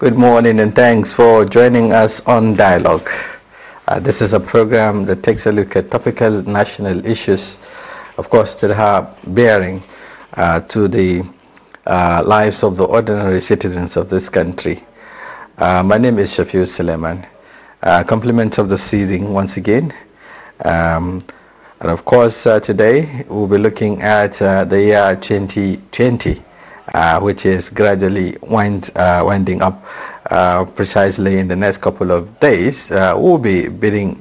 Good morning and thanks for joining us on Dialogue. Uh, this is a program that takes a look at topical national issues, of course, that have bearing uh, to the uh, lives of the ordinary citizens of this country. Uh, my name is Shafiu Suleiman. Uh, compliments of the season once again. Um, and of course, uh, today we'll be looking at the year 2020. Uh, which is gradually wind, uh, winding up uh, precisely in the next couple of days, will be bidding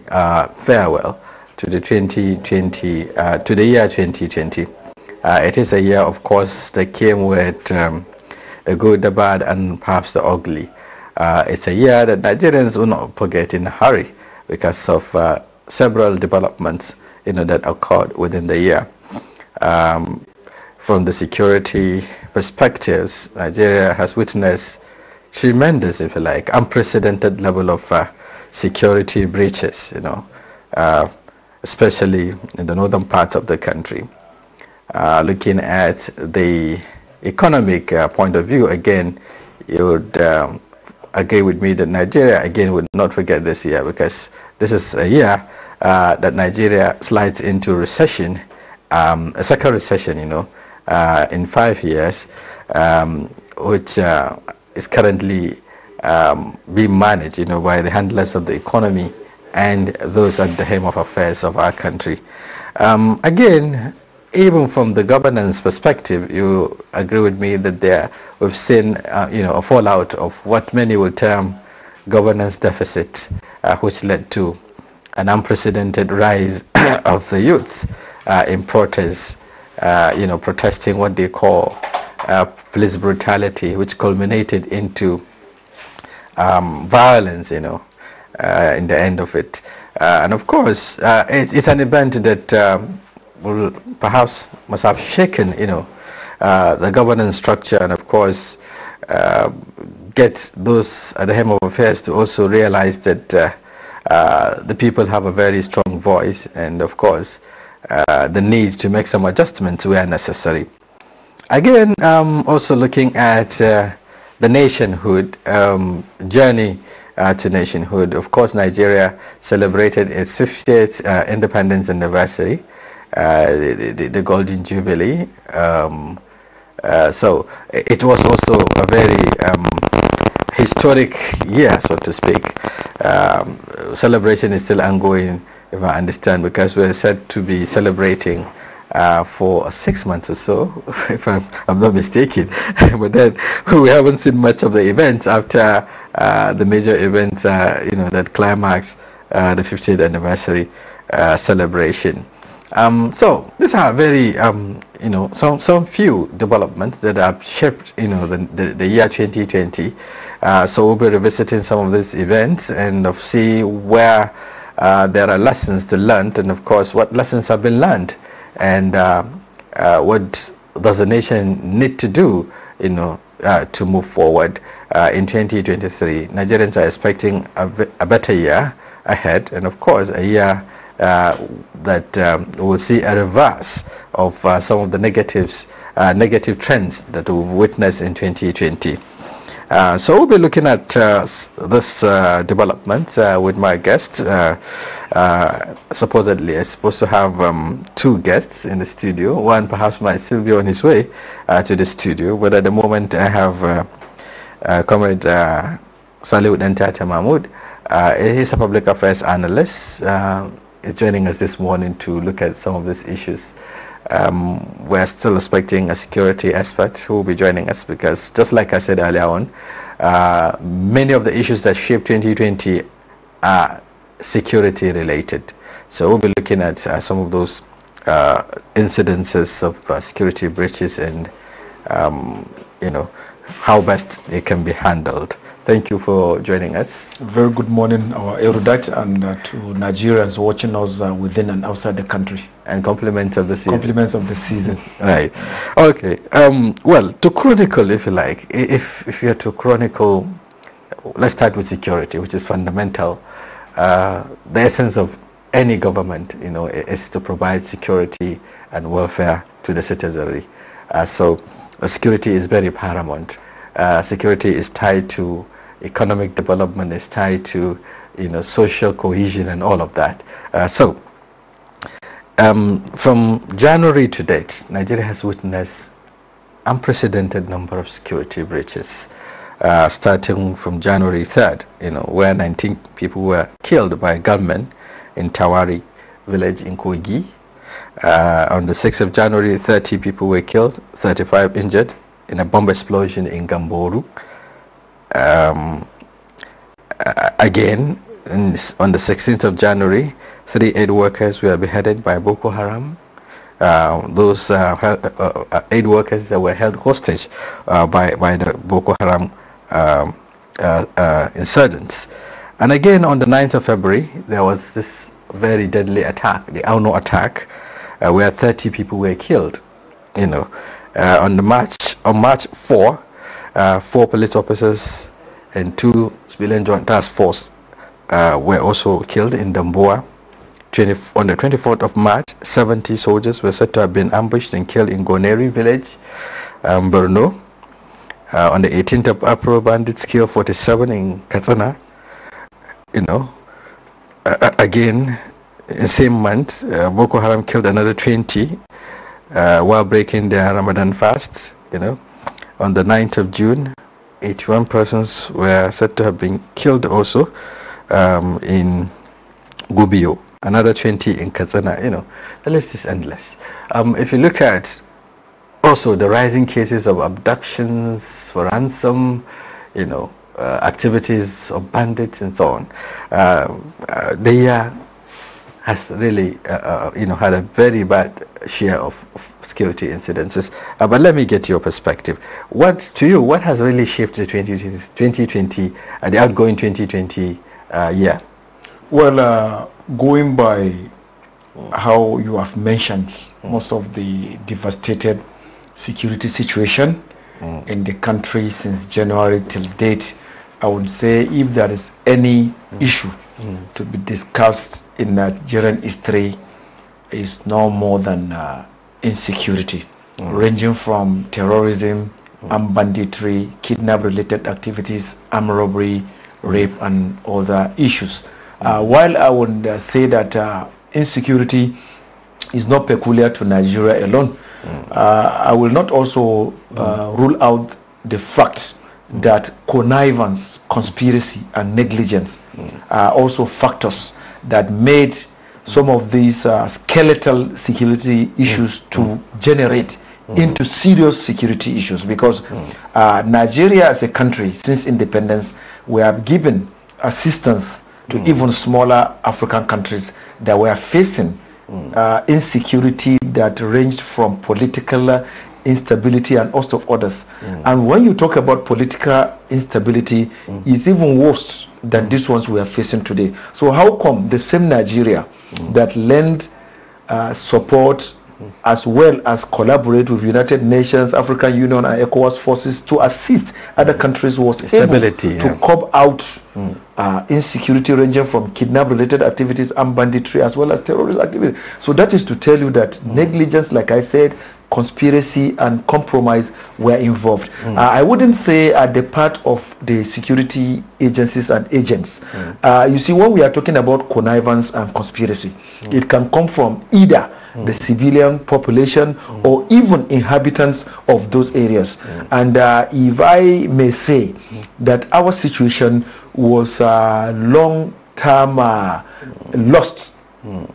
farewell to the 2020, to the year 2020. it is a year, of course, that came with um, the good, the bad, and perhaps the ugly. Uh, it's a year that Nigerians will not forget in a hurry because of uh, several developments you know that occurred within the year. Um, from the security perspectives, Nigeria has witnessed tremendous, if you like, unprecedented level of uh, security breaches, you know, uh, especially in the northern part of the country. Uh, looking at the economic uh, point of view, again, you would um, agree with me that Nigeria, again, would not forget this year because this is a year uh, that Nigeria slides into recession, um, a second recession, you know, uh, in five years, um, which uh, is currently um, being managed, you know, by the handlers of the economy and those at the helm of affairs of our country. Um, again, even from the governance perspective, you agree with me that there we've seen, uh, you know, a fallout of what many would term governance deficit, uh, which led to an unprecedented rise of the youth uh, in uh, you know, protesting what they call uh, police brutality, which culminated into um, violence, you know, uh, in the end of it. Uh, and of course, uh, it, it's an event that um, will perhaps must have shaken, you know, the governance structure and of course get those at the helm of affairs to also realize that uh, uh, the people have a very strong voice and of course uh, the need to make some adjustments where necessary. Again, um, also looking at uh, the nationhood um, journey uh, to nationhood. Of course, Nigeria celebrated its 50th uh, independence anniversary, uh, the, the, the, Golden Jubilee. Um, so it was also a very um, historic year, so to speak. Um, celebration is still ongoing if I understand, because we're said to be celebrating uh, for six months or so, if I'm, I'm not mistaken. but then we haven't seen much of the events after uh, the major events, uh, you know, that climax uh, the 50th anniversary uh, celebration. Um, so these are very, um, you know, some some few developments that have shaped, you know, the the, the year 2020. Uh, so we'll be revisiting some of these events and of see where uh, there are lessons to learn, and of course, what lessons have been learned, and uh, uh, what does the nation need to do, you know, uh, to move forward uh, in 2023. Nigerians are expecting a, a, better year ahead, and of course, a year uh, that um, will see a reverse of some of the negatives, negative trends that we've witnessed in 2020. Uh, so we'll be looking at uh, this uh, development uh, with my guest. Uh, supposedly, I'm supposed to have um, two guests in the studio. One perhaps might still be on his way to the studio, but at the moment I have Comrade uh, Salud Ntata Mahmoud. he's a public affairs analyst. he's joining us this morning to look at some of these issues um, we're still expecting a security expert who will be joining us because just like I said earlier on, uh, many of the issues that shape 2020 are security related. So we'll be looking at uh, some of those uh, incidences of uh, security breaches and um, you know how best they can be handled. Thank you for joining us. Very good morning, our Erudite, and uh, to Nigerians watching us uh, within and outside the country. And compliments of the season. Compliments of the season. right. Okay. Um, well, to chronicle, if you like, if, if you're to chronicle, let's start with security, which is fundamental. Uh, the essence of any government, you know, is to provide security and welfare to the citizenry. Uh, so uh, security is very paramount. Uh, security is tied to economic development, is tied to you know social cohesion and all of that. Uh, so um, from January to date, Nigeria has witnessed unprecedented number of security breaches. Uh, starting from January 3rd, you know, where 19 people were killed by gunmen in Tawari village in Kogi, uh, on the 6th of January, 30 people were killed, 35 injured in a bomb explosion in Gamboru. Um, uh, again, on the 16th of January, three aid workers were beheaded by Boko Haram. Uh, those uh, uh, uh aid workers that were held hostage by, by the Boko Haram um, insurgents. And again, on the 9th of February, there was this very deadly attack, the Auno attack, uh, where 30 people were killed. You know, uh, on the March on March 4, uh, four police officers and two civilian joint task force uh, were also killed in Damboa. 20, on the 24th of March, 70 soldiers were said to have been ambushed and killed in Goneri village, um, Brno. Uh, on the 18th of April, bandits killed 47 in Katana. You know, uh, again, same month, uh, Boko Haram killed another 20 uh, while breaking their Ramadan fast. You know, on the 9th of June, 81 persons were said to have been killed also um, in Gubio. Another 20 in Kazana. You know, the list is endless. Um, if you look at also the rising cases of abductions for ransom, you know, uh, activities of bandits and so on, uh, uh, they are has really, uh, uh, you know, had a very bad share of, of security incidences. Uh, but let me get your perspective. What to you? What has really shaped the 2020, and uh, the outgoing 2020 uh, year? Well, uh, going by how you have mentioned mm. most of the devastated security situation mm. in the country since January till date, I would say if there is any mm. issue mm. to be discussed in Nigerian history is no more than uh, insecurity, mm. ranging from terrorism, mm. armed banditry, kidnap-related activities, armed robbery, rape, and other issues. Uh, mm. while I would uh, say that uh, insecurity is not peculiar to Nigeria alone, mm. Uh, I will not also uh, mm. rule out the fact mm. that connivance, conspiracy, and negligence are also factors that made some of these uh, skeletal security issues mm. to mm. generate mm. into serious security issues because uh, Nigeria as a country since independence we have given assistance to even smaller African countries that were facing uh, insecurity that ranged from political uh, instability and host of others. Mm. And when you talk about political instability, mm. it's even worse than mm. these ones we are facing today. So how come the same Nigeria mm. that lend uh, support mm. as well as collaborate with United Nations, African Union and ECOWAS forces to assist other mm. countries was Stability, able to yeah. curb out mm. uh, insecurity ranging from kidnap related activities and banditry as well as terrorist activities. So that is to tell you that mm. negligence, like I said, conspiracy and compromise were involved. Mm. Uh, I wouldn't say at uh, the part of the security agencies and agents. Mm. Uh, you see, when we are talking about connivance and conspiracy, mm. it can come from either hmm. the civilian population hmm. or even inhabitants of those areas. Hmm. And uh, if I may say that our situation was a uh, long-term uh, lost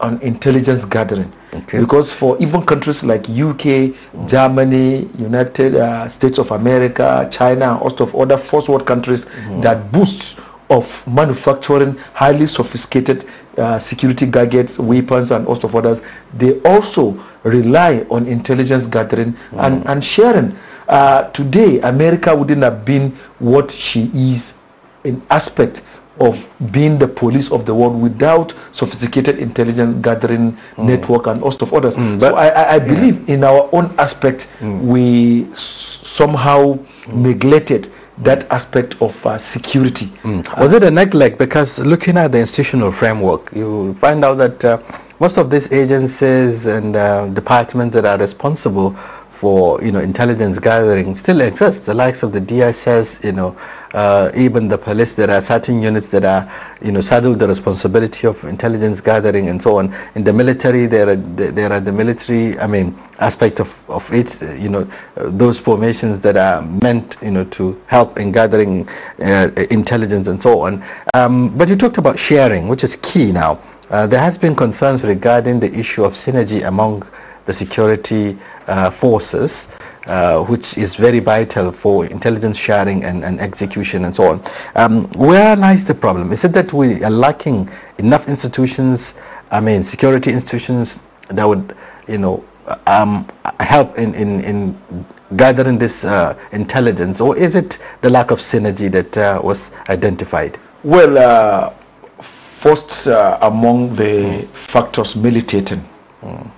on intelligence gathering. Okay. Because for even countries like UK, Germany, United uh, States of America, China, host of other first world countries mm-hmm. that boosts of manufacturing highly sophisticated uh, security gadgets, weapons, and also of others, they also rely on intelligence gathering mm-hmm. and, and sharing. Uh, today, America wouldn't have been what she is in aspect of being the police of the world without sophisticated intelligence gathering mm. network and host of others. Mm, so I, I believe yeah. in our own aspect, mm. we somehow mm. neglected mm. that aspect of uh, security. Mm. Uh, Was it a neglect? Because looking at the institutional framework, you find out that uh, most of these agencies and uh, departments that are responsible for you know intelligence gathering still exist. The likes of the DSS, you know, uh, even the police, there are certain units that are, you know, saddled the responsibility of intelligence gathering and so on. In the military, there are there are the military, I mean, aspect of of it, uh, you know, uh, those formations that are meant, you know, to help in gathering uh, intelligence and so on. Um, but you talked about sharing, which is key now. Uh, there has been concerns regarding the issue of synergy among the security uh, forces uh, which is very vital for intelligence sharing and, and execution and so on. Um, where lies the problem? Is it that we are lacking enough institutions, I mean security institutions that would, you know, um, help in, in, in gathering this uh, intelligence or is it the lack of synergy that uh, was identified? Well, uh, first uh, among the factors militating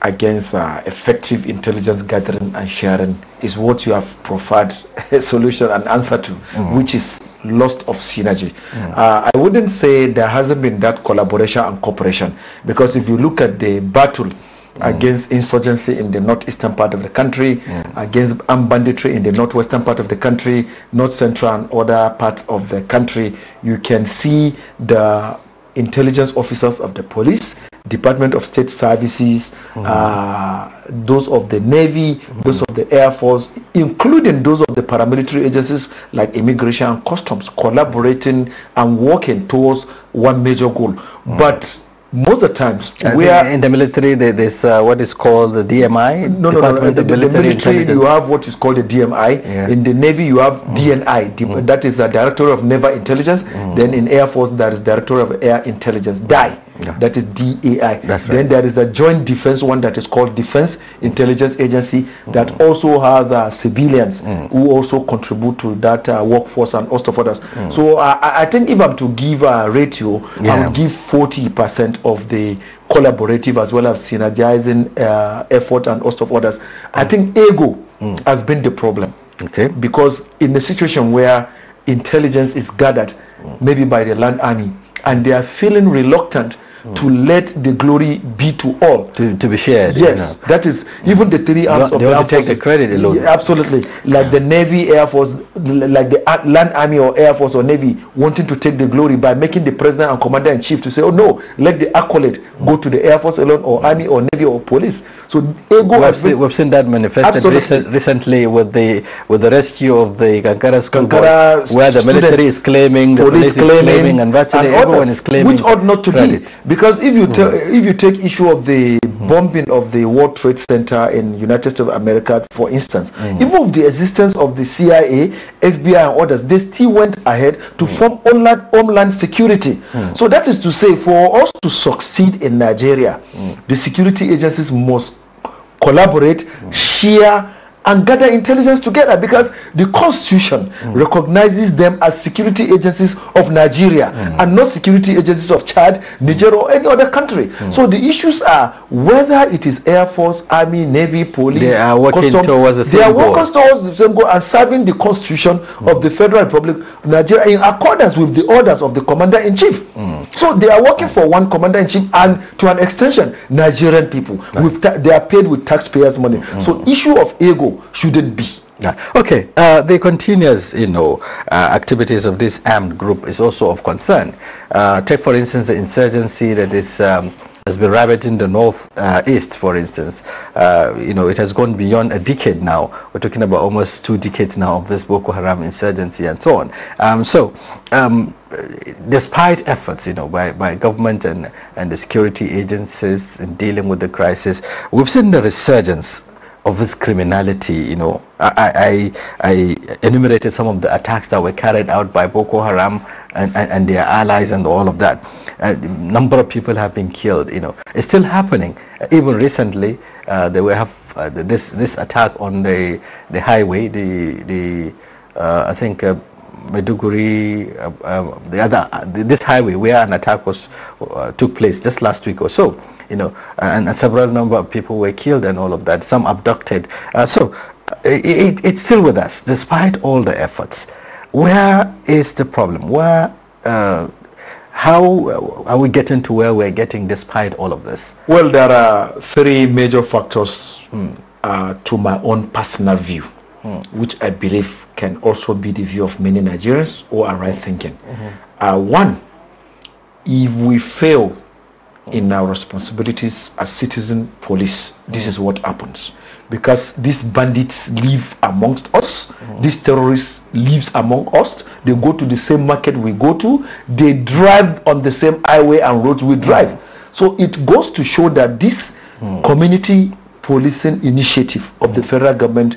against uh, effective intelligence gathering and sharing is what you have provided a solution and answer to, mm. which is loss of synergy. Mm. Uh, I wouldn't say there hasn't been that collaboration and cooperation because if you look at the battle Mm. against insurgency in the northeastern part of the country, mm. against armed banditry in the northwestern part of the country, north central and other parts of the country. You can see the intelligence officers of the police, Department of State Services, mm. uh, those of the Navy, mm. those of the Air Force, including those of the paramilitary agencies like Immigration and Customs, collaborating and working towards one major goal. Mm. But most of the times we are in the military there's uh, what is called the DMI no no, no, no. The, the, military, military you have what is called the DMI yeah. in the navy you have mm. DNI mm. that is the director of naval intelligence mm. then in air force there is director of air intelligence DI yeah. that is DAI. That's then there is a joint defense one that is called Defense Intelligence Agency that mm. also has uh, civilians mm. who also contribute to that uh, workforce and all of others. Mm. So uh, I, I think if I'm to give a ratio, yeah. I would give 40% of the collaborative as well as synergizing uh, effort and all of others. I mm. think ego mm. has been the problem. Okay. Because in the situation where intelligence is gathered mm. maybe by the land army and they are feeling reluctant to let the glory be to all. To, to be shared. Yes, you know. that is even the three arms they of the to take forces, the credit alone. Yeah, absolutely, like the Navy, Air Force, like the Land Army or Air Force or Navy wanting to take the glory by making the president and commander in chief to say, oh no, let the accolade go to the Air Force alone or Army or Navy or police. So ego we've, seen, we've seen that manifested recent, recently with the with the rescue of the Kankara school where the military is claiming, the police, police is claiming, claiming and virtually and everyone others, is claiming, which ought not to credit. be because if you, hmm. if you take issue of the hmm. bombing of the World Trade Center in United States of America, for instance, hmm. even of the existence of the CIA, FBI and others, they still went ahead to form homeland, homeland security. So that is to say, for us to succeed in Nigeria, the security agencies must collaborate, share and gather intelligence together because the constitution mm. recognizes them as security agencies of Nigeria mm. and not security agencies of Chad, Niger or any other country. Mm. So the issues are whether it is Air Force, Army, Navy, Police, they are working custom, towards the same they are goal. working towards the same goal and serving the constitution mm. of the Federal Republic of Nigeria in accordance with the orders of the Commander-in-Chief. Mm. So they are working mm. for one Commander-in-Chief and to an extension, Nigerian people. Right. With they are paid with taxpayers' money. So issue of ego shouldn't be. Yeah. Okay, uh, the continuous, you know, uh, activities of this armed group is also of concern. Uh, take, for instance, the insurgency that is um, has been ravaging the north uh, east, for instance. Uh, you know, it has gone beyond a decade now. We're talking about almost two decades now of this Boko Haram insurgency and so on. Um, so. Um, despite efforts, you know, by, by government and, and the security agencies in dealing with the crisis, we've seen the resurgence of this criminality, you know, I, I, I, enumerated some of the attacks that were carried out by Boko Haram and, and, and their allies and all of that. A number of people have been killed, you know. It's still happening. Even recently, uh, they were have uh, this this attack on the the highway, the the uh, I think uh, Meduguri, uh, uh, the other, uh, this highway where an attack was uh, took place just last week or so, you know, and, a several number of people were killed and all of that, some abducted. Uh, so uh, it, it, it's still with us, despite all the efforts. Where is the problem? Where, how are we getting to where we're getting despite all of this? Well, there are three major factors hmm. to my own personal view, hmm. which I believe can also be the view of many Nigerians who are right thinking. Uh, one, if we fail in our responsibilities as citizen police, this is what happens. Because these bandits live amongst us, these terrorists lives among us, they go to the same market we go to, they drive on the same highway and roads we drive. So it goes to show that this community policing initiative of the federal government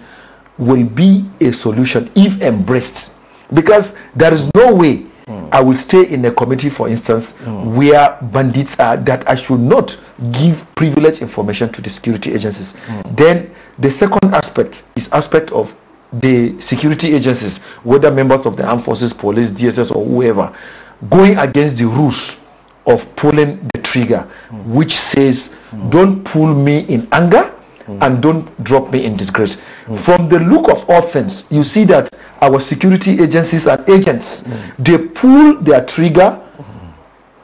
will be a solution if embraced because there is no way mm. i will stay in a community for instance mm. where bandits are that i should not give privileged information to the security agencies mm. then the second aspect is aspect of the security agencies whether members of the armed forces police dss or whoever going against the rules of pulling the trigger which says don't pull me in anger Mm. and don't drop me in disgrace. Mm. From the look of all things, you see that our security agencies and agents, mm. they pull their trigger mm.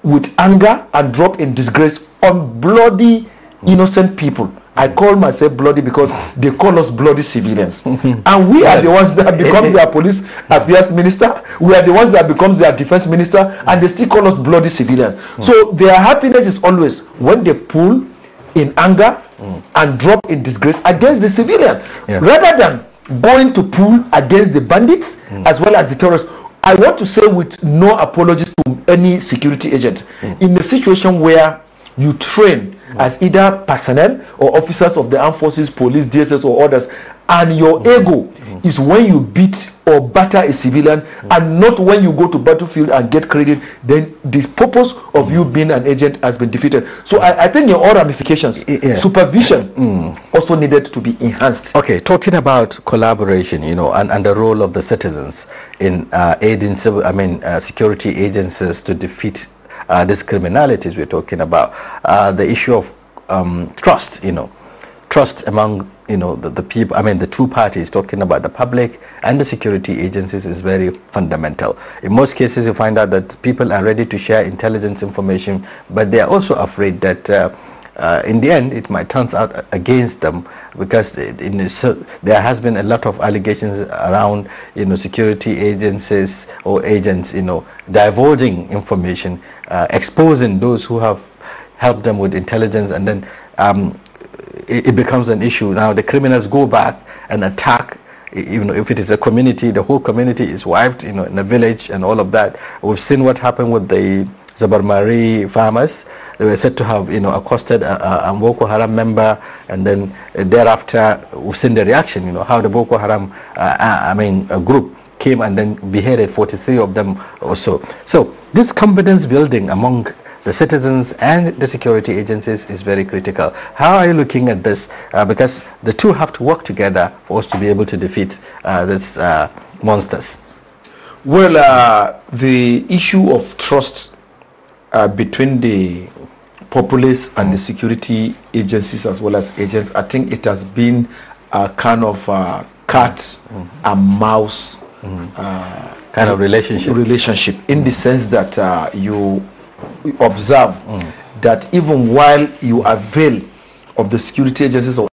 with anger and drop in disgrace on bloody innocent people. I call myself bloody because they call us bloody civilians. Mm-hmm. and we are the ones that become eh, their eh. police affairs minister. We are the ones that becomes their defense minister and they still call us bloody civilians. So their happiness is always when they pull in anger and drop in disgrace against the civilian yeah. rather than going to pool against the bandits mm. as well as the terrorists. I want to say with no apologies to any security agent mm. in a situation where you train mm. as either personnel or officers of the armed forces, police, DSS, or others and your mm. ego is when you beat or batter a civilian mm. and not when you go to battlefield and get credit then the purpose of you being an agent has been defeated so i, I think your all ramifications yeah. supervision mm. also needed to be enhanced okay talking about collaboration you know and, and the role of the citizens in uh, aiding civil i mean uh, security agencies to defeat uh, these criminalities we're talking about uh, the issue of um, trust you know trust among you know the, the people i mean the two parties talking about the public and the security agencies is very fundamental in most cases you find out that people are ready to share intelligence information but they are also afraid that uh, uh, in the end it might turn out against them because in, so there has been a lot of allegations around you know security agencies or agents you know divulging information uh, exposing those who have helped them with intelligence and then um, it, it becomes an issue. Now the criminals go back and attack you know, if it is a community, the whole community is wiped, you know, in a village and all of that. We've seen what happened with the Zabarmari farmers. They were said to have, you know, accosted a, a Boko Haram member, and then uh, thereafter we've seen the reaction, you know, how the Boko Haram, uh, uh I mean, group came and then beheaded 43 of them or so. So this competence building among the citizens and the security agencies is very critical. How are you looking at this? Uh, because the two have to work together for us to be able to defeat uh, these uh, monsters. Well, uh, the issue of trust uh, between the populace and the security agencies as well as agents, I think it has been a kind of cat mm -hmm. and mouse mm -hmm. kind of relationship relationship in mm -hmm. the sense that you observe mm. that even while you avail of the security agencies of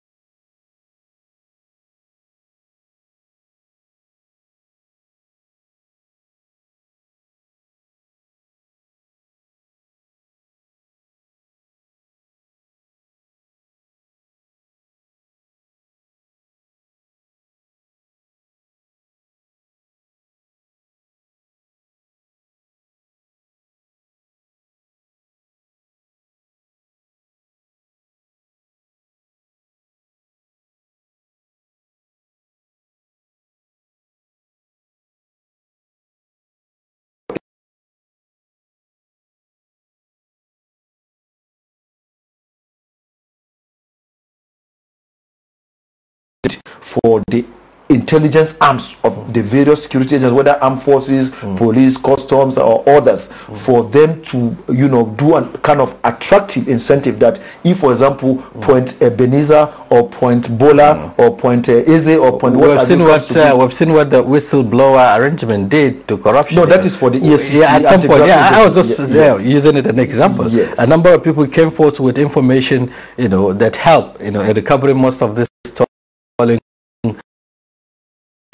for the intelligence arms of the various security agencies, whether armed forces, mm. police, customs, or others, mm. for them to, you know, do a kind of attractive incentive that if, for example, mm. Point Ebenezer or Point Bola mm. or Point uh, Eze or Point... We've what seen what, uh, we've seen what the whistleblower arrangement did to corruption. No, that is for the EFCC. Yeah, at some point, yeah, I was just yeah, yeah, using it as an example. Yes. A number of people came forth with information, you know, that helped, you know, in recovering most of this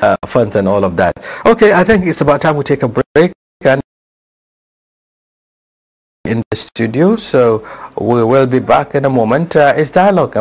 uh, funds and all of that. Okay, I think it's about time we take a break and in the studio. So we will be back in a moment. Uh, it's dialogue.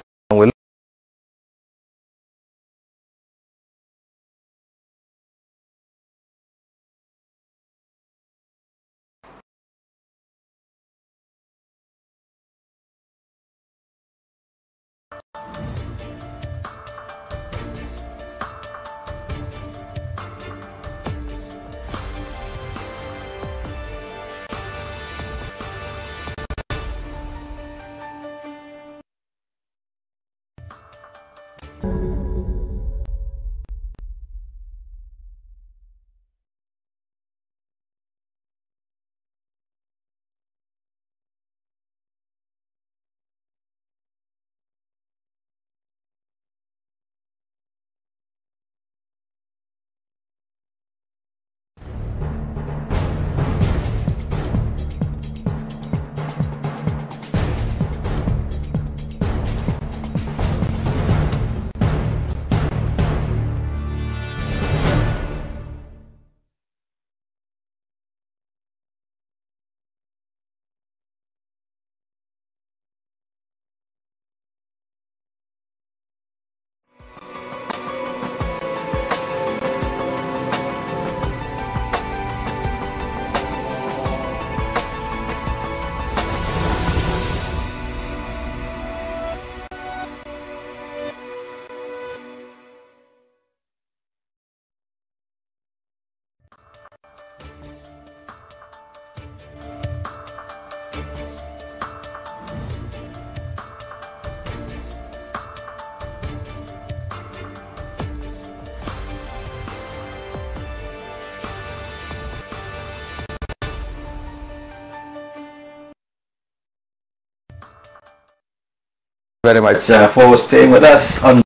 very much uh, for staying with us on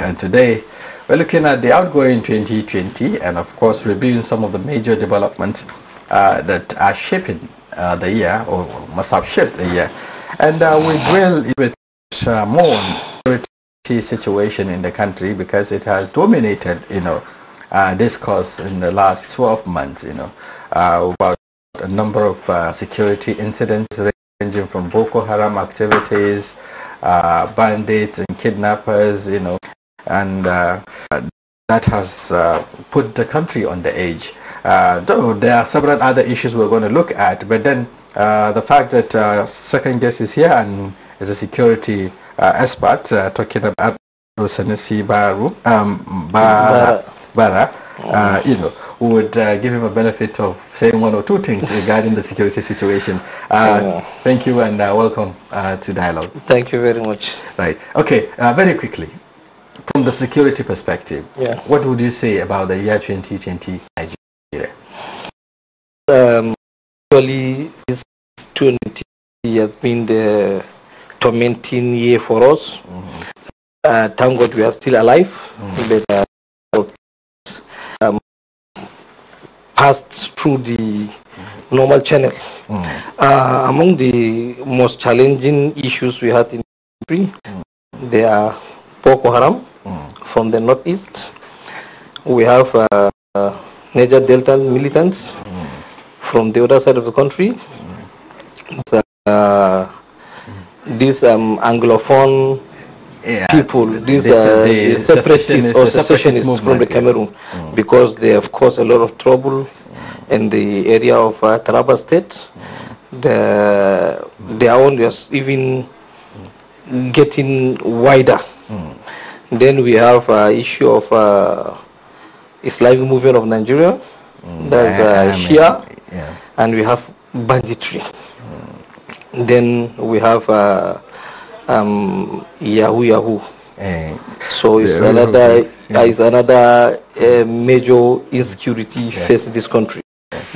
and today we're looking at the outgoing 2020 and of course reviewing some of the major developments uh, that are shaping uh, the year or must have shaped the year and uh, we dwell with uh, more on the situation in the country because it has dominated you know uh, discourse in the last 12 months you know about a number of security incidents ranging from Boko Haram activities uh, bandits and kidnappers, you know, and uh, that has uh, put the country on the edge. Uh, though there are several other issues we're going to look at, but then uh, the fact that uh, second guest is here and is a security expert talking about Senesi Baru, um, uh, you know, would uh, give him a benefit of saying one or two things regarding the security situation. Uh, yeah. Thank you and uh, welcome uh, to Dialogue. Thank you very much. Right. Okay, uh, very quickly, from the security perspective, yeah. what would you say about the year 2020 Nigeria? Um, actually, this 2020 has been the tormenting year for us. Mm -hmm. thank God we are still alive, mm -hmm. but passed through the normal channel. Mm. Uh, among the most challenging issues we had in the country, mm. there are Boko Haram mm. from the northeast. We have uh, uh, Niger Delta militants from the other side of the country. this uh, um, Anglophone yeah, people, these are the, the separatists or secessionists from the Cameroon, yeah. because they have caused a lot of trouble in the area of uh, Taraba State. The, their own is even getting wider. Then we have uh, issue of uh, Islamic movement of Nigeria, mm. that's uh, Shia, yeah. and we have banditry. Then we have uh, um, Yahoo Yahoo. Eh. so it's another uh, it's another uh, major insecurity yeah. facing this country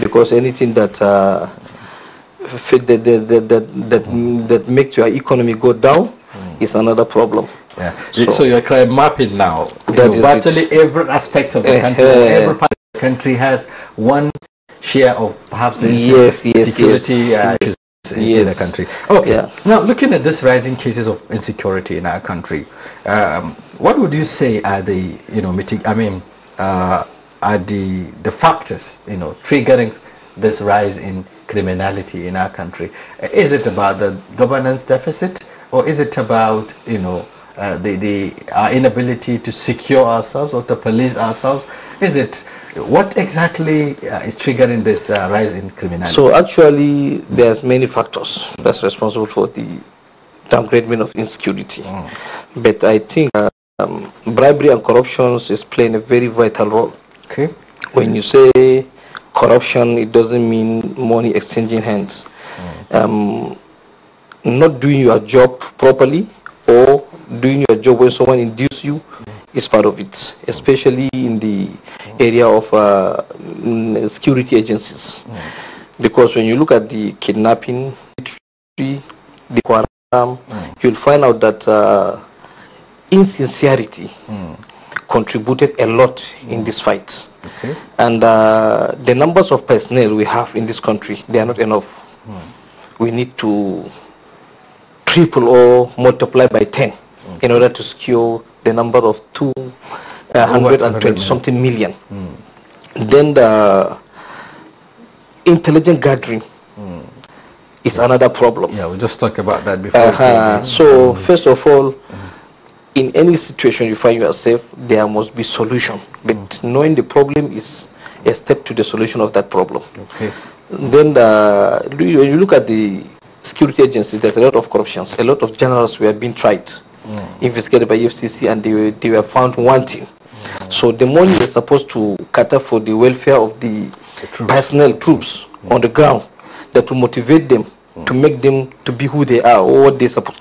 because anything that uh, that that that that, that, makes your economy go down mm. is another problem. Yeah. So, so you're kind of mapping now. That virtually it. every aspect of the eh, country, eh. every part of the country has one share of perhaps yes, yes, security yes. Uh, in yes. the country. Okay. Yeah. Now, looking at this rising cases of insecurity in our country, um, what would you say are the you know mitig- I mean, uh, are the the factors you know triggering this rise in criminality in our country? Is it about the governance deficit, or is it about you know? Uh, the, the our inability to secure ourselves or to police ourselves is it what exactly uh, is triggering this uh, rise in criminality? So actually, there's many factors that's responsible for the downgrading of insecurity. Mm. But I think um, bribery and corruption is playing a very vital role. Okay. When you say corruption, it doesn't mean money exchanging hands. Mm. Um, not doing your job properly or doing your job when someone induces you mm is part of it, especially in the area of uh, mm, security agencies. Mm. Because when you look at the kidnapping, the Quran, mm. you'll find out that uh, insincerity mm. contributed a lot in this fight. Okay. And uh, the numbers of personnel we have in this country, they are not enough. We need to triple or multiply by 10 in order to secure the number of 220 uh, something million. Mm. Then the intelligent gathering mm. is yeah. another problem. Yeah, we just talked about that before. Uh -huh. So mm. first of all, hmm. in any situation you find yourself, there must be solution. But hmm. knowing the problem is a step to the solution of that problem. Okay. Then the, uh, when you look at the security agencies, there's a lot of corruptions. A lot of generals were being tried mm. investigated by FCC and they, they were found wanting. Mm. So the money is supposed to cater for the welfare of the, the troops. personnel troops on the ground that will motivate them to make them to be who they are or what they're suppo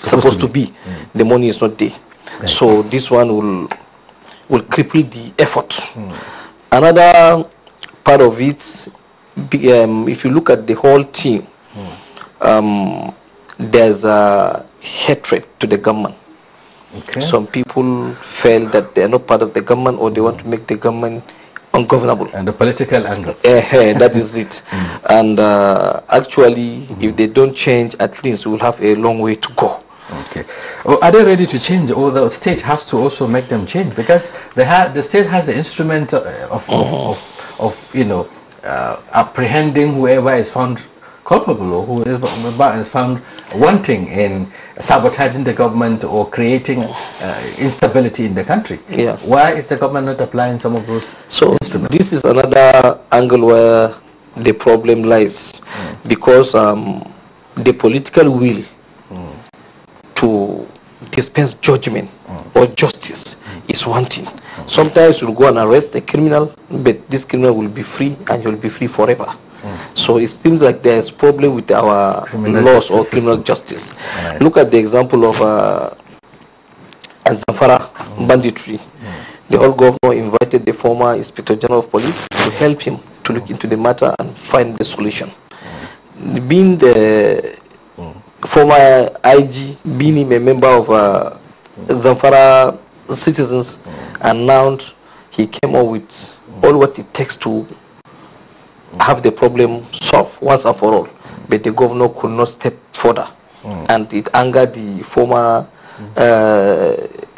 supposed, supposed, to be. To be. Mm. The money is not there. Right. So this one will will cripple the effort. Mm. Another part of it, um, if you look at the whole team, mm. um, there's a hatred to the government. Okay. Some people feel that they are not part of the government or they want to make the government ungovernable. And the political angle. Uh, uh, that is it. Mm. And uh, actually, mm. if they don't change, at least we'll have a long way to go. Okay. Well, oh, are they ready to change, or the state has to also make them change? Because they have, the state has the instrument uh, of, of, mm. of, of, you know, uh, apprehending whoever is found culpable or who is is found wanting in sabotaging the government or creating uh, instability in the country. Yeah. Why is the government not applying some of those so instruments? This is another angle where the problem lies mm. because um, the political will mm. to dispense judgment mm. or justice hmm. is wanting. Hmm. Sometimes you'll go and arrest a criminal, but this criminal will be free and he'll be free forever. Mm. So it seems like there is problem with our criminal laws or criminal system. justice. Right. Look at the example of uh, Zamfara mm. banditry. Mm. The old governor invited the former Inspector General of Police to help him to look into the matter and find the solution. Mm. Being the mm. former IG, being a member of uh, Zamfara citizens, announced he came up with all what it takes to have the problem solved once and for all. But the governor could not step further. Mm. And it angered the former uh,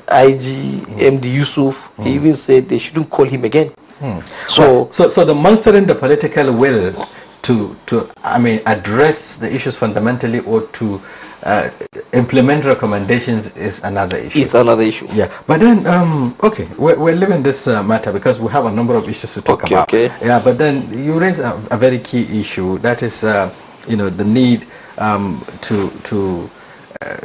IG, MD hmm. Yusuf. He hmm. even said they shouldn't call him again. Hmm. So, so, so the mastering the political will to, to I mean, address the issues fundamentally or to uh, implement recommendations is another issue. It's another issue. Yeah, but then um, okay, we're, we're leaving this uh, matter because we have a number of issues to talk okay, about. Okay. Yeah, but then you raise a, a very key issue that is, uh, you know, the need um, to to uh,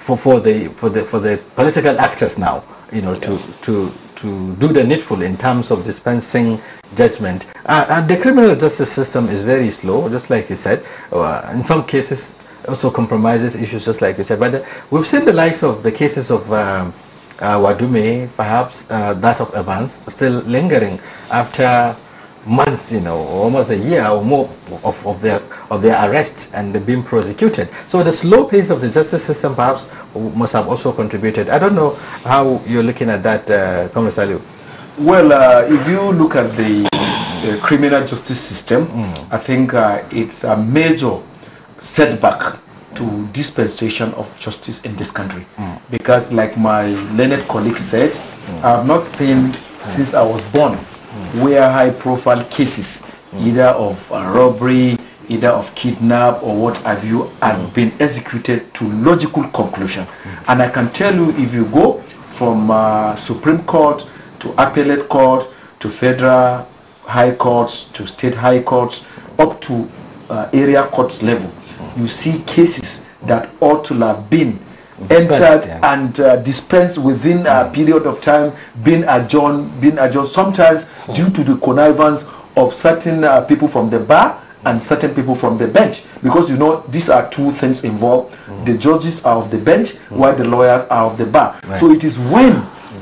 for for the for the for the political actors now, you know, yeah. to to to do the needful in terms of dispensing judgment. Uh, and uh, the criminal justice system is very slow, just like you said. Uh, in some cases, also compromises issues just like you said. But the, we've seen the likes of the cases of um, uh, Wadume, perhaps uh, that of Evans, still lingering after months, you know, almost a year or more of, of their of their arrest and being prosecuted. So the slow pace of the justice system perhaps must have also contributed. I don't know how you're looking at that, uh, Comrade Well, uh, if you look at the, criminal justice system, mm. I think uh, it's a major setback to dispensation of justice in this country mm. because like my learned colleague said mm. i have not seen mm. since i was born mm. where high profile cases mm. either of uh, robbery either of kidnap or what have you have mm. been executed to logical conclusion and i can tell you if you go from uh, supreme court to appellate court to federal high courts to state high courts up to uh, area courts level you see cases that ought to have been entered and uh, dispensed within a mm. period of time, being adjourned, being adjourned, sometimes mm. due to the connivance of certain uh, people from the bar and certain people from the bench because you know these are two things involved mm. the judges are of the bench while the lawyers are of the bar right. so it is when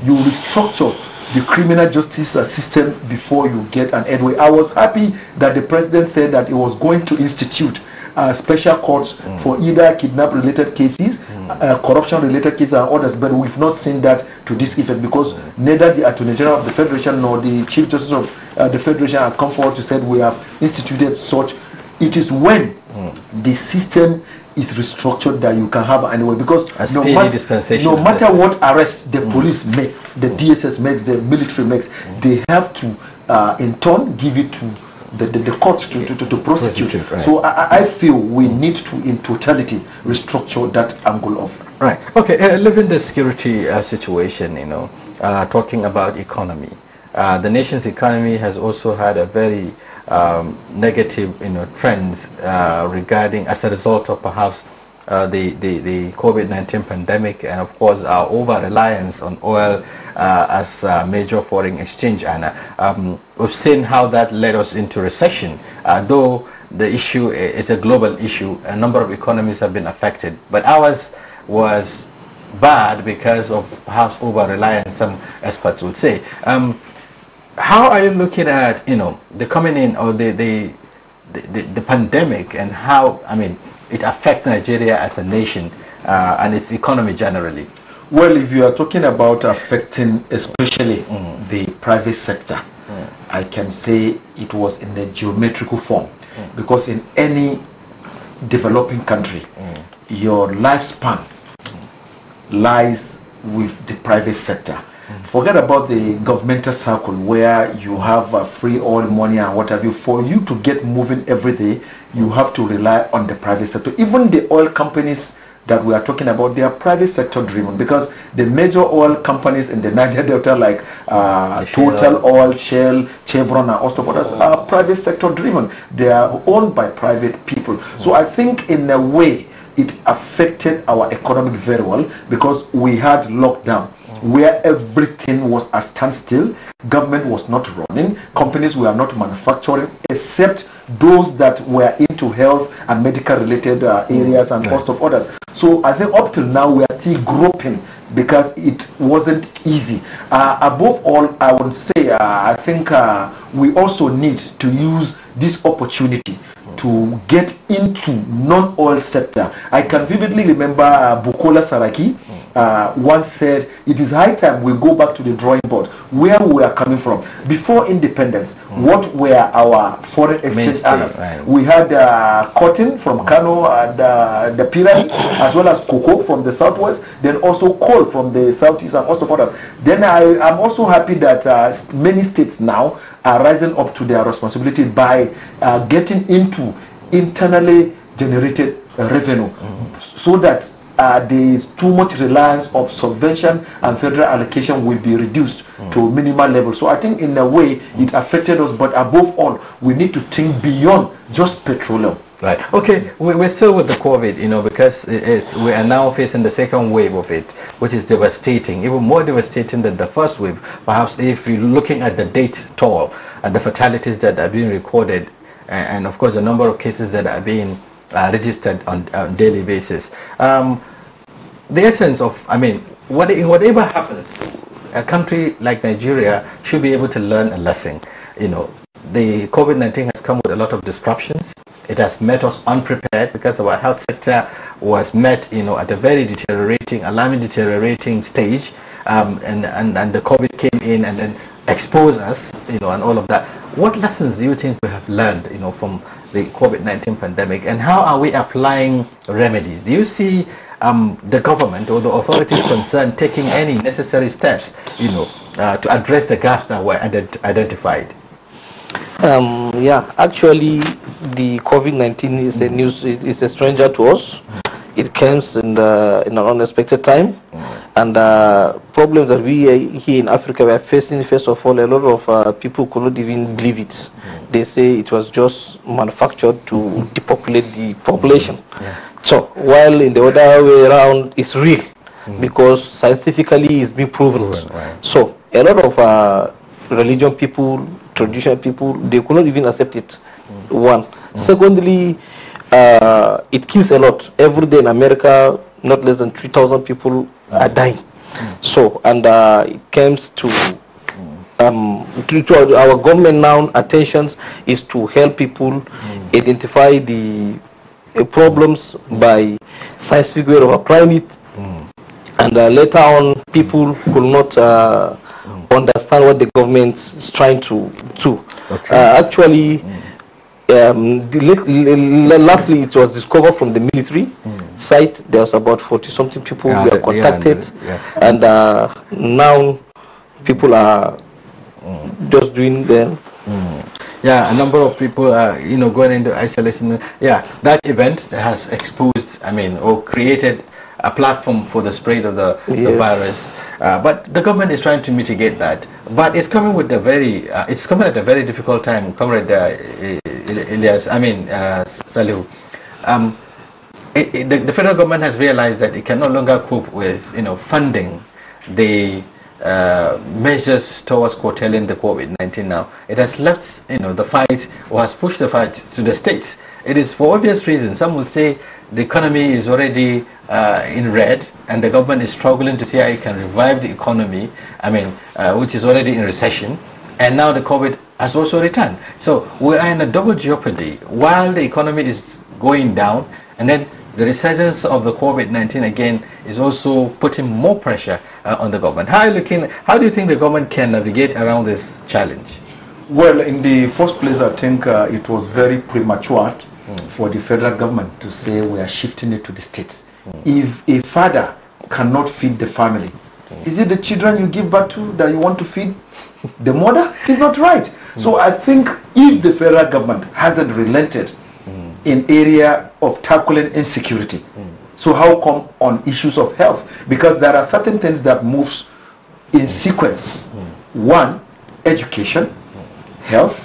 you restructure the criminal justice uh, system before you get an headway i was happy that the president said that he was going to institute uh, special courts mm. for either kidnap related cases, mm. uh, corruption related cases and others, but we've not seen that to this effect because mm. neither the Attorney General of the Federation nor the Chief Justice of uh, the Federation have come forward to say we have instituted such. It is when mm. the system is restructured that you can have anyway because no, mat no, matter what arrest the mm. police make, the mm. DSS makes, the military makes, they have to uh, in turn give it to the, the, the court to, to, to, to prosecute. prosecute right. So I, I feel we mm. need to, in totality, restructure that angle of. Right. Okay. Uh, leaving the security uh, situation, you know, uh, talking about economy. Uh, the nation's economy has also had a very um, negative, you know, trends uh, regarding as a result of perhaps uh, the, the, the COVID-19 pandemic and of course our over-reliance on oil uh, as a major foreign exchange and uh, um, we've seen how that led us into recession uh, though the issue is a global issue a number of economies have been affected but ours was bad because of perhaps over-reliance some um, experts would say um, how are you looking at you know the coming in or the the, the, the pandemic and how I mean it affects Nigeria as a nation uh, and its economy generally? Well, if you are talking about affecting especially mm. the private sector, mm. I can say it was in a geometrical form mm. because in any developing country, mm. your lifespan mm. lies with the private sector. Forget about the governmental circle where you have uh, free oil money and what have you. For you to get moving every day, you have to rely on the private sector. Even the oil companies that we are talking about, they are private sector driven because the major oil companies in the Niger Delta like uh, Total Oil, Shell, Chevron and also others oh. are private sector driven. They are owned by private people. So I think in a way it affected our economic very well because we had lockdown where everything was at standstill, government was not running, companies were not manufacturing, except those that were into health and medical related uh, areas and cost of others. So I think up till now we are still groping because it wasn't easy. Uh, above all, I would say uh, I think uh, we also need to use this opportunity to get into non-oil sector. I can vividly remember uh, Bukola Saraki uh, once said, it is high time we go back to the drawing board, where we are coming from. Before independence, mm. what were our foreign exchange earners? Right. We had uh, cotton from hmm. Kano and uh, the Pirani, as well as cocoa from the southwest, then also coal from the southeast and also others. Then I, am also happy that uh, many states now are rising up to their responsibility by uh, getting into internally generated revenue mm. so that uh, there is too much reliance of subvention and federal allocation will be reduced mm. to minimal level. So I think in a way it mm. affected us, but above all, we need to think beyond just petroleum. Right. Okay. We're still with the COVID, you know, because it's we are now facing the second wave of it, which is devastating, even more devastating than the first wave. Perhaps if you're looking at the date toll and the fatalities that are being recorded, and, of course the number of cases that are being uh, registered on a daily basis. Um, the essence of, I mean, what, whatever happens, a country like Nigeria should be able to learn a lesson. You know, the COVID-19 has come with a lot of disruptions. It has met us unprepared because our health sector was met, you know, at a very deteriorating, alarming deteriorating stage, um, and, and and the COVID came in and then exposed us, you know, and all of that. What lessons do you think we have learned, you know, from the COVID-19 pandemic, and how are we applying remedies? Do you see um, the government or the authorities concerned taking any necessary steps, you know, uh, to address the gaps that were ident identified? Um, yeah, actually, the COVID-19 is a news. it's a stranger to us. It comes in the in an unexpected time, and uh, problems that we here in Africa were facing. First of all, a lot of uh, people could not even believe it. They say it was just manufactured to depopulate the population. So while in the other way around, it's real because scientifically it's been proven. So a lot of uh, religion people traditional people, they could not even accept it. One. Mm. Secondly, uh, it kills a lot. Every day in America, not less than 3,000 people are ah. dying. Mm. So, and uh, it comes to, um, to, to, our government now, attentions is to help people mm. identify the uh, problems hmm. by scientific way of applying it. Hmm. And uh, later on, people could not uh, understand what the government is trying to do. Okay. Uh, actually, um, lastly, it was discovered from the military mm. site. There was about 40 something people yeah, were contacted, yeah, and, uh, now people are mm. just doing them. Mm. Yeah, a number of people are you know going into isolation. Yeah, that event has exposed, I mean, or created a platform for the spread of the, yes. the virus. Uh, but the government is trying to mitigate that. But it's coming with a very, uh, it's coming at a very difficult time, Comrade uh, Elias, I mean, uh, Salihu. Um, it, it, the, the, federal government has realized that it can no longer cope with, you know, funding the uh, measures towards curtailing the COVID-19 now. It has left, you know, the fight or has pushed the fight to the states. It is for obvious reasons. Some would say the economy is already uh, in red and the government is struggling to see how it can revive the economy, I mean, uh, which is already in recession, and now the COVID has also returned. So we are in a double jeopardy while the economy is going down and then the resurgence of the COVID-19 again is also putting more pressure uh, on the government. How, looking, how do you think the government can navigate around this challenge? Well, in the first place, I think uh, it was very premature mm. for the federal government to say we are shifting it to the states if a father cannot feed the family mm. is it the children you give birth to that you want to feed the mother is not right mm. so i think if the federal government hasn't relented mm. in area of tackling insecurity so how come on issues of health because there are certain things that moves in sequence one education health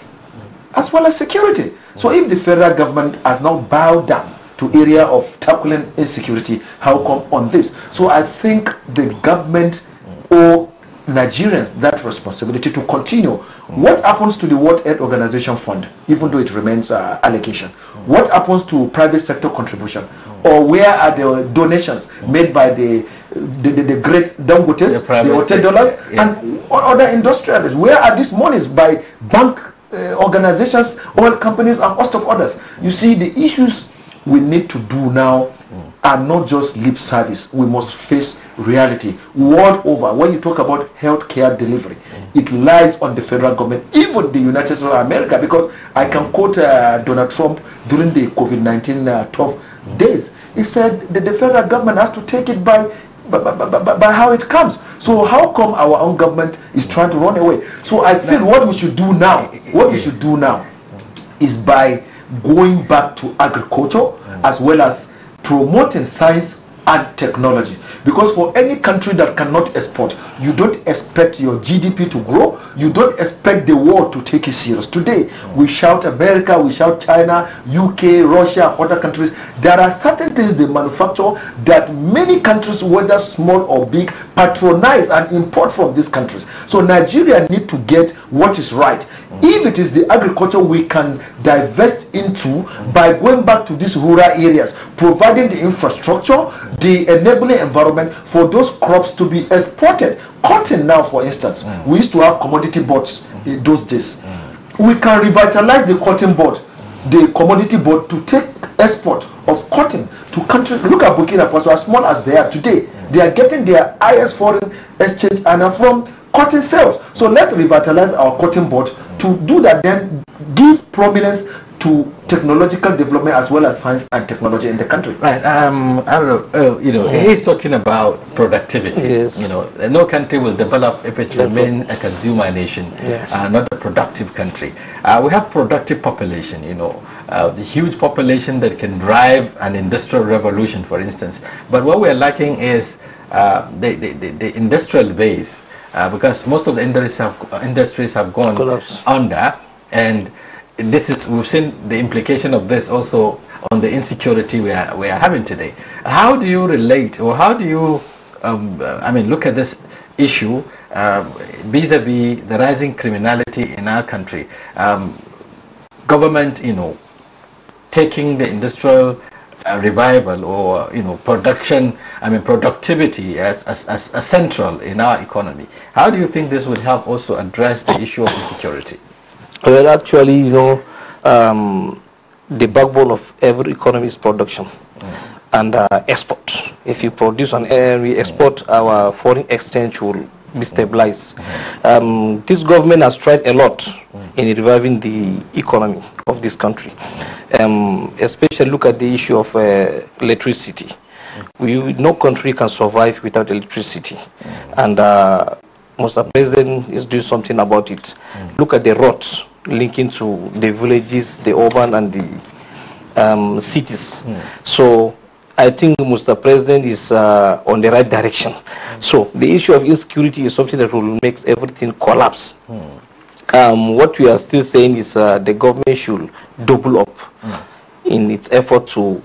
as well as security so if the federal government has not bowed down to area of tackling insecurity. How come on this? So I think the government or Nigerians that responsibility to continue. What happens to the World Health Organization fund, even though it remains uh, allocation? What happens to private sector contribution? Or where are the donations made by the the, the, the great Dangotes, the, the hotel dollars, and other industrialists? Where are these monies by bank uh, organizations, oil companies, and host of others? You see, the issues we need to do now mm. are not just lip service. We must face reality. World over, when you talk about healthcare delivery, mm. it lies on the federal government, even the United States of America, because I can quote uh, Donald Trump during the COVID-19 uh, tough mm. days. He said that the federal government has to take it by by, by, by, by, how it comes. So how come our own government is trying to run away? So I feel what we should do now, what we should do now is by going back to agriculture mm. as well as promoting science and technology because for any country that cannot export you don't expect your gdp to grow you don't expect the world to take it serious today mm. we shout america we shout china uk russia other countries there are certain things they manufacture that many countries whether small or big patronize and import from these countries so nigeria need to get what is right if it is the agriculture we can divest into by going back to these rural areas providing the infrastructure the enabling environment for those crops to be exported cotton now for instance mm. we used to have commodity boards in those days mm. we can revitalize the cotton board the commodity board to take export of cotton to countries look at burkina faso as small as they are today mm. they are getting their highest foreign exchange and from cotton sales so let's revitalize our cotton board to do that then give prominence to technological development as well as science and technology in the country. Right. Um, I don't know. Uh, you know, yeah. he's talking about productivity. Yes. You know, no country will develop if it remains a consumer nation, yes. uh, not a productive country. Uh, we have productive population. You know, uh, the huge population that can drive an industrial revolution, for instance. But what we are lacking is uh, the, the, the, the industrial base uh, because most of the industries have, uh, industries have gone under and this is we've seen the implication of this also on the insecurity we are, we are having today. How do you relate or how do you um, uh, I mean look at this issue um, vis-a-vis the rising criminality in our country? Um, government you know taking the industrial revival or you know production I mean productivity as, as, as, central in our economy how do you think this would help also address the issue of insecurity well actually you know um, the backbone of every economy is production mm. and uh, export if you produce and we export mm. our foreign exchange will be mm. stabilized mm. um, this government has tried a lot mm. in reviving the economy of this country. Um, especially look at the issue of uh, electricity. Mm. We, no country can survive without electricity. Mm. And uh, Mr. President is doing something about it. Mm. Look at the roads linking to the villages, the urban and the um, cities. So I think Mr. President is uh, on the right direction. So the issue of insecurity is something that will make everything collapse um, what we are still saying is uh, the government should double up mm. in its effort to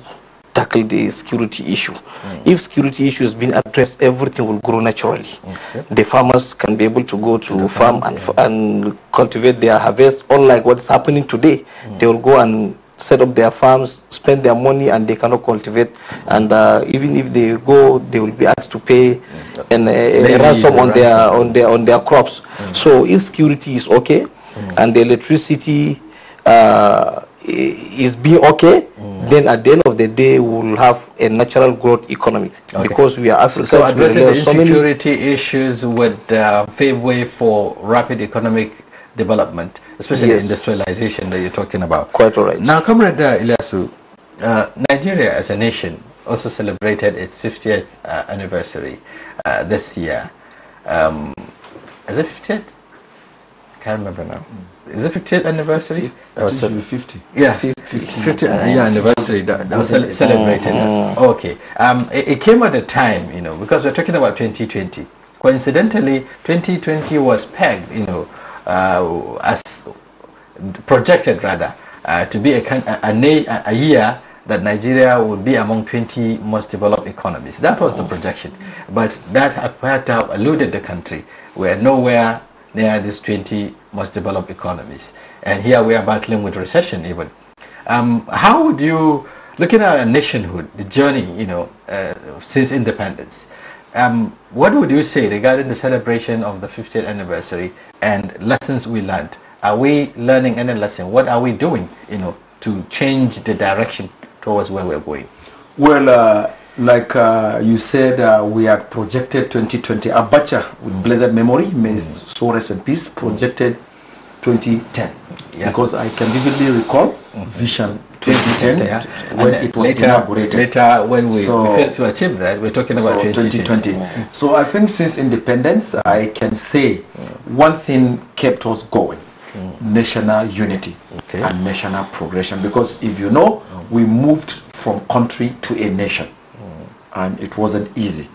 tackle the security issue. Mm. If security issue has been addressed, everything will grow naturally. Okay. The farmers can be able to go to farm, farm and, yeah. and cultivate their harvest, unlike what's happening today. Mm. They will go and set up their farms, spend their money, and they cannot cultivate. And uh, even if they go, they will be asked to pay and uh, a, a ransom on ransom. their on their on their crops. Mm. So insecurity is okay, mm. and the electricity uh, is being okay. Mm. Then at the end of the day, we will have a natural growth economy okay. because we are Africa. So addressing the insecurity so issues would uh, pave way for rapid economic development, especially yes. industrialization that you're talking about. Quite all right. Now, Comrade uh, Ilyasu, uh, Nigeria as a nation also celebrated its 50th uh, anniversary uh, this year. Um, is it 50th? Can't remember now. Is it 50th anniversary? That was 50. Yeah, 50. 50th 50, uh, yeah, anniversary that, that was ce mm-hmm. celebrated. Oh, oh. Okay. Um, it, it came at a time, you know, because we're talking about 2020. Coincidentally, 2020 was pegged, you know, uh, as projected rather uh, to be a, a, a year that Nigeria would be among 20 most developed economies. That was the oh. projection. But that had have eluded the country. We are nowhere near these 20 most developed economies. And here we are battling with recession even. Um, how would you, looking at our nationhood, the journey, you know, uh, since independence, um, what would you say regarding the celebration of the 50th anniversary and lessons we learned? Are we learning any lesson? What are we doing, you know, to change the direction towards where we're going? Well, uh, like uh, you said, uh, we had projected 2020. Abacha, with blessed memory, may mm. so rest in peace, projected 2010. Yes. Because I can vividly recall mm -hmm. vision 2010, 2010 yeah. when it was later, inaugurated. Later, when we so, failed to achieve that, we're talking about so 2020. 2020. So I think since independence, I can say mm. one thing kept us going. Mm. National unity okay. and national progression because if you know mm. we moved from country to a nation and it wasn't easy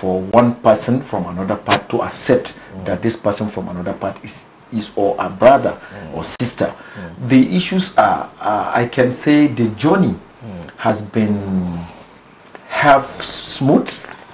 for one person from another part to accept that this person from another part is is or a brother mm. or sister. Mm. The issues are, uh, I can say the journey has been half smooth,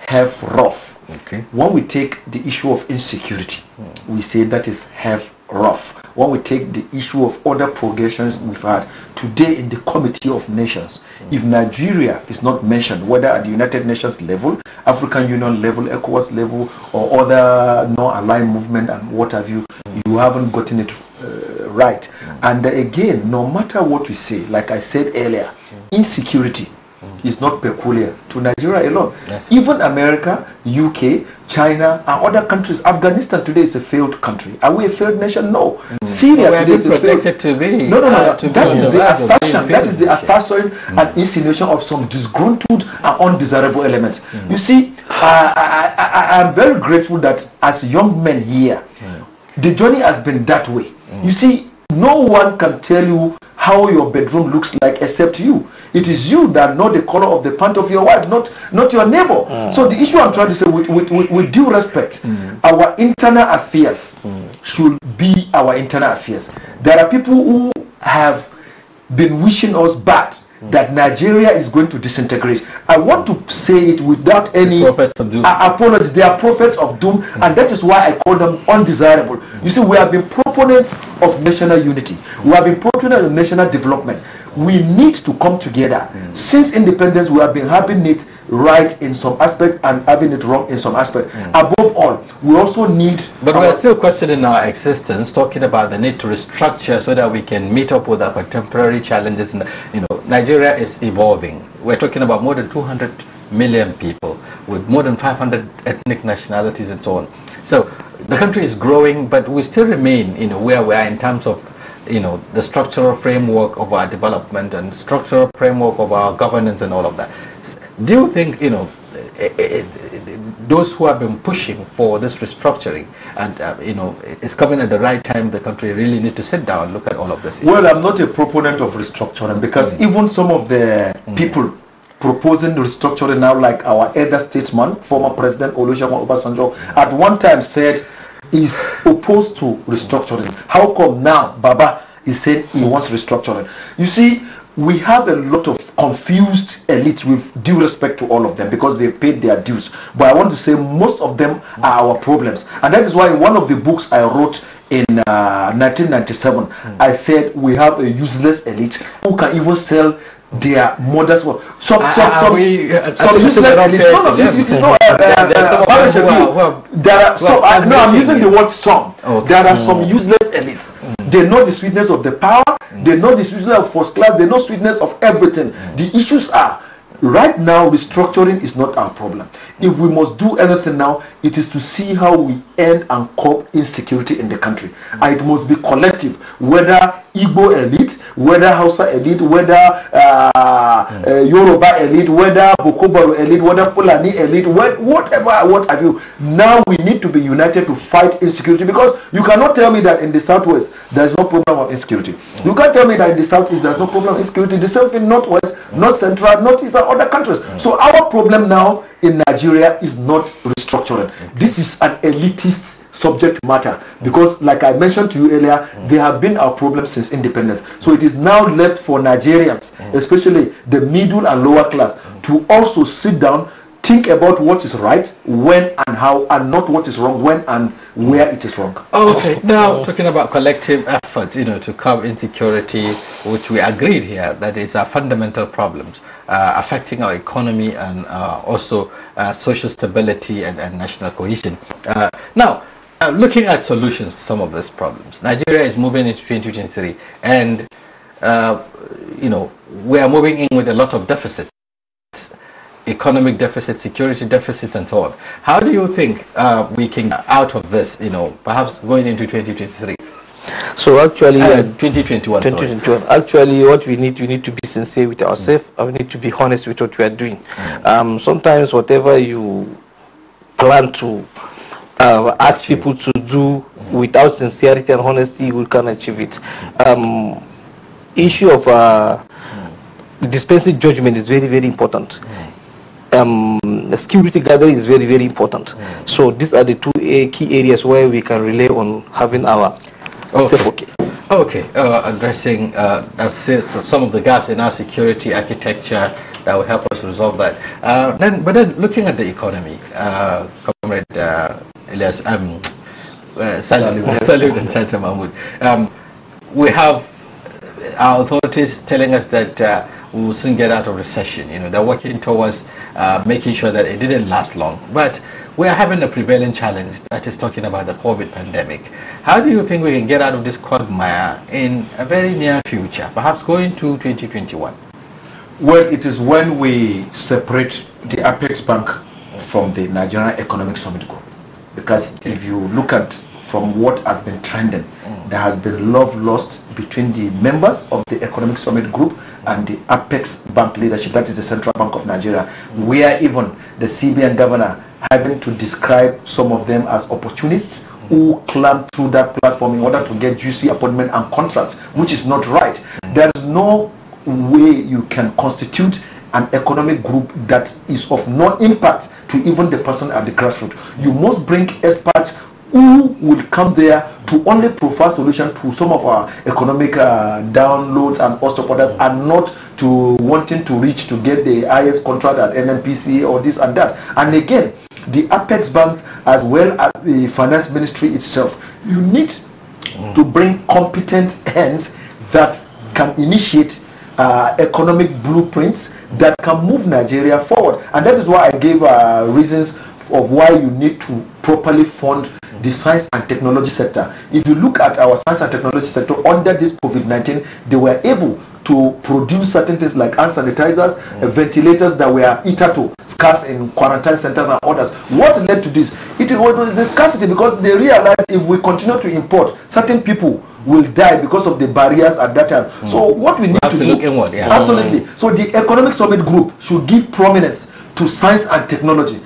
half rough. Okay. When we take the issue of insecurity, we say that is half rough when we take the issue of other progressions we've had today in the Committee of Nations. If Nigeria is not mentioned, whether at the United Nations level, African Union level, ECOWAS level, or other non-aligned movement and what have you, you haven't gotten it uh, right. Mm. And again, no matter what we say, like I said earlier, insecurity is not peculiar to Nigeria alone. Yes. Even America, UK, China, and other countries. Afghanistan today is a failed country. Are we a failed nation? No. Mm. Syria well, today is a failed. to be. No, no, no. Ah, that, is the the assertion, that is the assertion. Mm. and insinuation of some disgruntled and undesirable elements. Mm. You see, uh, I, I, I, am very grateful that as young men here, mm. the journey has been that way. Mm. You see, no one can tell you how your bedroom looks like except you. It is you that know the color of the pant of your wife, not not your neighbor. Mm. So the issue I'm trying to say, with, with, with, with due respect, mm. our internal affairs mm. should be our internal affairs. There are people who have been wishing us bad that Nigeria is going to disintegrate. I want to say it without any apology. They are prophets of doom, and that is why I call them undesirable. You see, we have been proponents of national unity. We have been proponents of national development. We need to come together. Hmm. Since independence, we have been having it right in some aspect and having it wrong in some aspect. Mm. Above all, we also need... But we're still questioning our existence, talking about the need to restructure so that we can meet up with our contemporary challenges. you know, Nigeria is evolving. We're talking about more than 200 million people with more than 500 ethnic nationalities and so on. So the country is growing, but we still remain you know, where we are in terms of you know, the structural framework of our development and structural framework of our governance and all of that do you think, you know, eh, eh, eh, those who have been pushing for this restructuring and uh, you know it's coming at the right time the country really need to sit down and look at all of this issue. well i'm not a proponent of restructuring because mm. even some of the mm. people proposing restructuring now like our elder statesman former president Olusegun Obasanjo mm. at one time said he's opposed to restructuring how come now baba is saying he wants restructuring you see we have a lot of confused elites with due respect to all of them because they paid their dues. But I want to say most of them are our problems. And that is why one of the books I wrote in uh, 1997, mm. I said we have a useless elite who can even sell their mothers were some uh, some some, we, uh, some useless elites. No, no, you, you know, there, are some, no, I'm using the word some. There are some useless elites. Hmm. They know the sweetness of the power. Mm. They know the sweetness of first class. They know sweetness of everything. Mm. The issues are right now restructuring is not our problem. If we must do anything now, it is to see how we end and curb insecurity in the country. Mm. And it must be collective, whether Igbo elite, whether Hausa elite, whether uh, mm. uh, Yoruba elite, whether Bokobaru elite, whether Fulani elite, what, whatever, what have you. Now we need to be united to fight insecurity because you cannot tell me that in the Southwest there's no problem of insecurity. Mm. You can't tell me that in the southeast there's no problem of insecurity. The same thing northwest, mm. north central, northeast, and other countries. Mm. So our problem now in Nigeria is not restructuring. This is an elitist subject matter because like I mentioned to you earlier they have been our problem since independence so it is now left for Nigerians especially the middle and lower class to also sit down think about what is right when and how and not what is wrong when and where it is wrong okay now talking about collective efforts you know to curb insecurity which we agreed here that is a fundamental problems uh, affecting our economy and uh, also uh, social stability and, and national cohesion uh, now uh, looking at solutions to some of these problems nigeria is moving into 2023 and uh, you know we are moving in with a lot of deficit economic deficit, security deficits, and so on. How do you think uh, we can get out of this, you know, perhaps going into 2023? So actually, uh, uh 2021, 2021. Actually, what we need, we need to be sincere with ourselves, mm. and we need to be honest with what we are doing. Mm. Um, sometimes, whatever you plan to uh, ask people to do mm. without sincerity and honesty, we can achieve it. Mm. Um, issue of uh, mm. dispensing judgment is very, very important um, security gathering is very, very important. Mm. So these are the two eh, key areas where we can rely on having our okay. Okay, uh, addressing uh, some of the gaps in our security architecture that would help us resolve that. Uh, then, but then looking at the economy, uh, Comrade uh, Elias, um, uh, and Tata Mahmoud, um, we have our authorities telling us that we will soon get out of recession. You know, they're working towards uh, making sure that it didn't last long. But we are having a prevailing challenge that is talking about the COVID pandemic. How do you think we can get out of this quagmire in a very near future, perhaps going to 2021? Well, it is when we separate the Apex Bank from the Nigerian Economic Summit Group. Because if you look at from what has been trending. Mm. There has been love lost between the members of the Economic Summit Group and the Apex Bank leadership, that is the Central Bank of Nigeria, mm. are even the CBN governor having to describe some of them as opportunists mm. who climbed through that platform in order to get juicy appointment and contracts, which is not right. There is no way you can constitute an economic group that is of no impact to even the person at the grassroots. You must bring experts who will come there to only provide solution to some of our economic uh, downloads and also others and not to wanting to reach to get the highest contract at NMPC or this and that. And again, the Apex banks as well as the finance ministry itself, you need mm. to bring competent hands that can initiate uh, economic blueprints that can move Nigeria forward. And that is why I gave uh, reasons of why you need to properly fund the science and technology sector. If you look at our science and technology sector under this COVID-19, they were able to produce certain things like hand sanitizers, mm. uh, ventilators that were hitherto scarce in quarantine centers and others. What led to this? It was the scarcity because they realized if we continue to import, certain people will die because of the barriers at that time. Mm. So what we need we to do, inward, yeah. absolutely. So the Economic Summit Group should give prominence to science and technology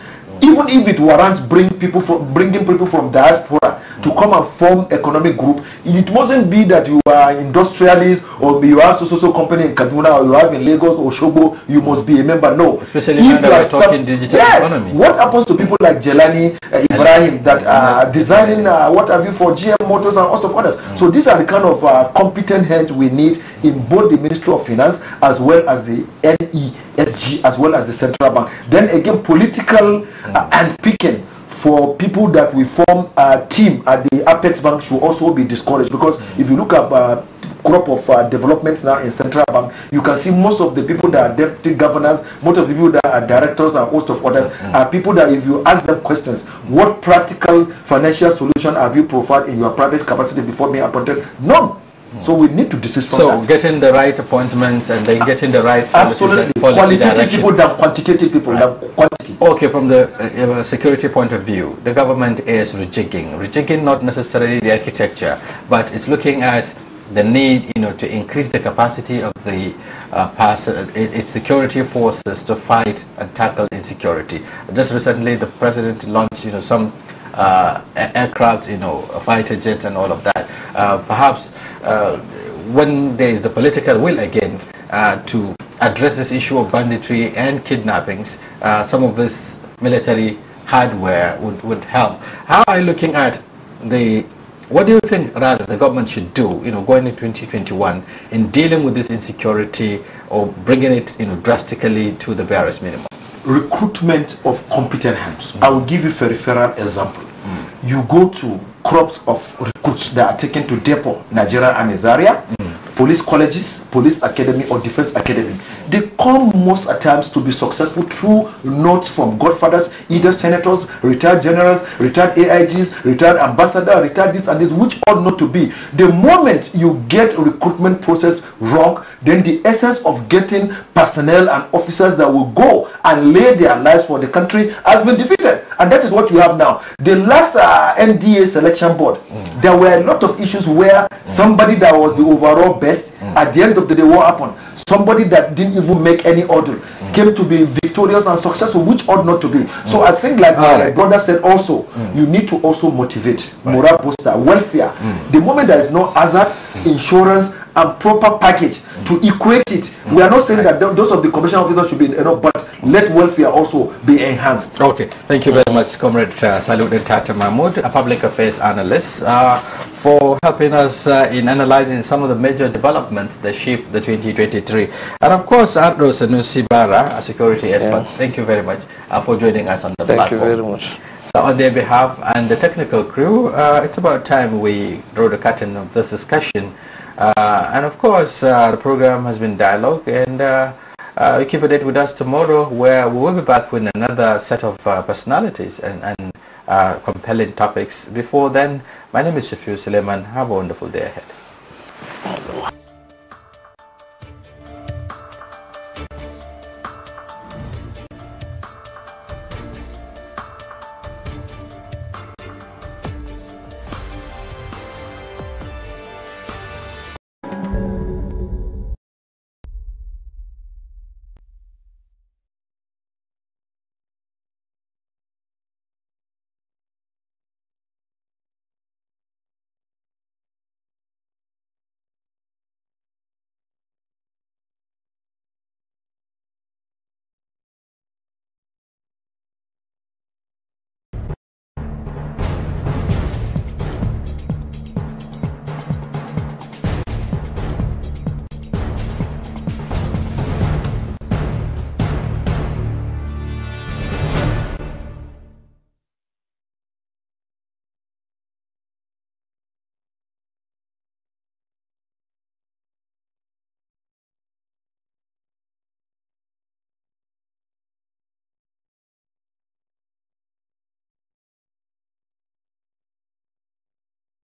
even if it warrants bring people from, bringing people from diaspora to come and form economic group, it mustn't be that you are industrialist or you have so so, so company in Kaduna or you have in Lagos or Shobo, you must be a member. No. Especially if you are talking digital yes, economy. What happens to people like Jelani, uh, Ibrahim that are designing uh, what have you for GM Motors and also others? Mm. So these are the kind of uh, competent heads we need in both the Ministry of Finance as well as the NESG as well as the Central Bank. Then again, political uh, mm. and picking for people that we form a team at the Apex Bank should also be discouraged because mm. if you look at uh, crop of uh, developments now in central bank you can see most of the people that are deputy governors most of the people that are directors and host of others mm. are people that if you ask them questions what practical financial solution have you provided in your private capacity before being appointed none so we need to desist from so that. So getting the right appointments and then getting the right Absolutely. Policy Qualitative direction. people than quantitative people right. than quantity. Okay, from the uh, uh, security point of view, the government is rejigging. Rejigging not necessarily the architecture, but it's looking at the need you know to increase the capacity of the uh, uh, its security forces to fight and tackle insecurity. Just recently the president launched you know some uh, aircraft, you know, fighter jets and all of that. Uh, perhaps uh, when there is the political will again to address this issue of banditry and kidnappings, some of this military hardware would, would help. How are you looking at the what do you think rather the government should do you know going into 2021 in dealing with this insecurity or bringing it you know drastically to the barest minimum recruitment of competent hands. Mm. I will give you a referral example. Mm. You go to crops of recruits that are taken to depot, Nigeria and Azaria, mm. police colleges, police academy or defense academy they come most at times to be successful through notes from godfathers, either senators, retired generals, retired AIGs, retired ambassador, retired this and this, which ought not to be. The moment you get recruitment process wrong, then the essence of getting personnel and officers that will go and lay their lives for the country has been defeated. And that is what we have now. The last uh, NDA selection board, mm. there were a lot of issues where mm. somebody that was the overall best, mm. at the end of the day, what happened? somebody that didn't even make any order mm. came to be victorious and successful which ought not to be mm. so i think like my right. brother said also mm. you need to also motivate right. booster welfare mm. the moment there is no hazard mm. insurance and proper package mm. to equate it we are not saying that those of the commission officers should be enough but let welfare also be enhanced okay thank you very much comrade uh, salud tata mahmoud a public affairs analyst uh, for helping us uh, in analyzing some of the major developments that shaped the 2023. And of course, Ardo Sanusi a security expert, yeah. thank you very much uh, for joining us on the thank platform. Thank you very much. So on their behalf and the technical crew, uh, it's about time we draw the curtain of this discussion. Uh, and of course, uh, the program has been dialogue and uh, keep a date with us tomorrow where we will be back with another set of uh, personalities and, and uh, compelling topics. Before then, my name is Shafiu Suleiman. Have a wonderful day ahead.